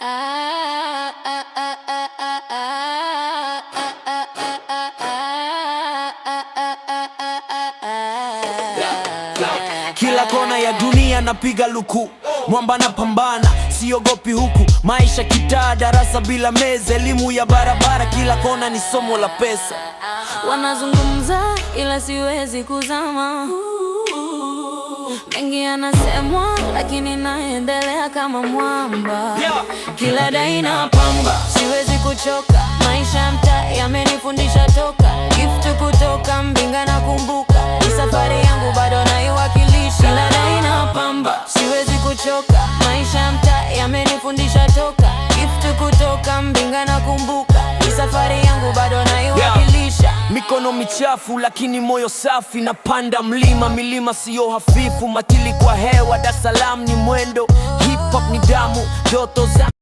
Kila kona ya dunia napiga luku, mwamba na pambana, siogopi huku. Maisha kitaa, darasa bila meza, elimu ya barabara, kila kona ni somo la pesa. Wanazungumza ila siwezi kuzama mengi yanasemwa, lakini naendelea kama mwamba, kila dai na pamba, siwezi kuchoka. Maisha ya mta yamenifundisha toka gift kutoka Mbinga, kumbuka ni safari yangu, bado naiwakilisha. Kila dai na pamba, siwezi kuchoka. Maisha ya mtaa yamenifundisha toka gift kutoka Mbinga, nakumbuka ni safari yangu, bado Mikono michafu lakini moyo safi, napanda mlima, milima siyo hafifu, matili kwa hewa, Dar es Salaam ni mwendo, hip hop ni damu, joto za